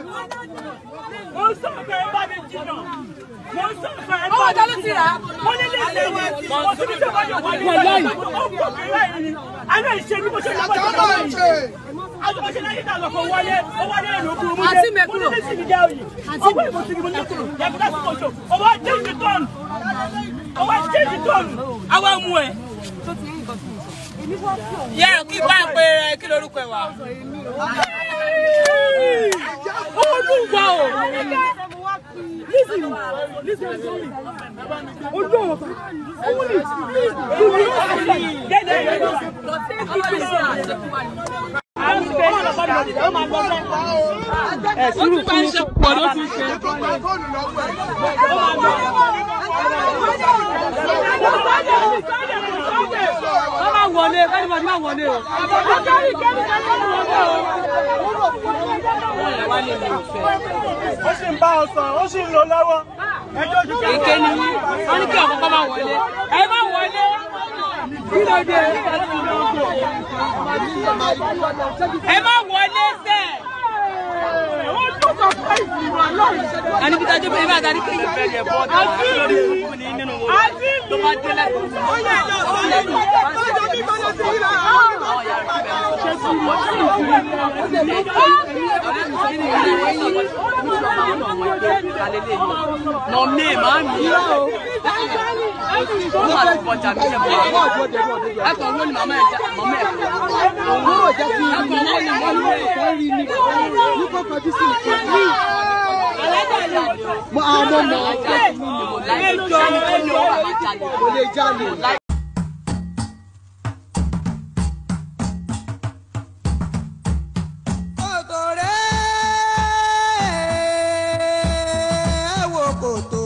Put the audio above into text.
mo ń bá ń sọ̀rọ̀ ẹ kí lorúkọ ẹ wà. Olúwa o. Listen, listen, listen. Olúwa Oh no, oh no, get there. Ẹ sùúrù kí n ṣe pọ̀ ṣe. wọlé kẹ́nìbọ̀dì má wọlé o. akẹ́rì kẹ́nìbọ̀dì má wọlé o. ó sì ń bá ọ sọ ó sì ń lọ lọ́wọ́. èké ni wí wọ́n ní kí ọ̀kọ́kọ́ má wọlé ẹ má wọlé kí ló dé. ẹ má wọlé sẹ́ ani bi taa jẹ bẹẹ bá a ta ni kéèyàn. azimi azimi. nọ mee maa mi ó máa ti bọjà mí lẹ́mọ̀ ẹ̀kọ́ owó ni màmá ẹ̀ màmá ẹ̀ owó ọ̀jẹ̀ kí n rí ní ọ̀rọ̀ kan rí ní ní kó kọjú sí ìfọ̀ mi. mo àwọn ọmọ ọ̀jẹ̀ mi ò lè jalè. को तो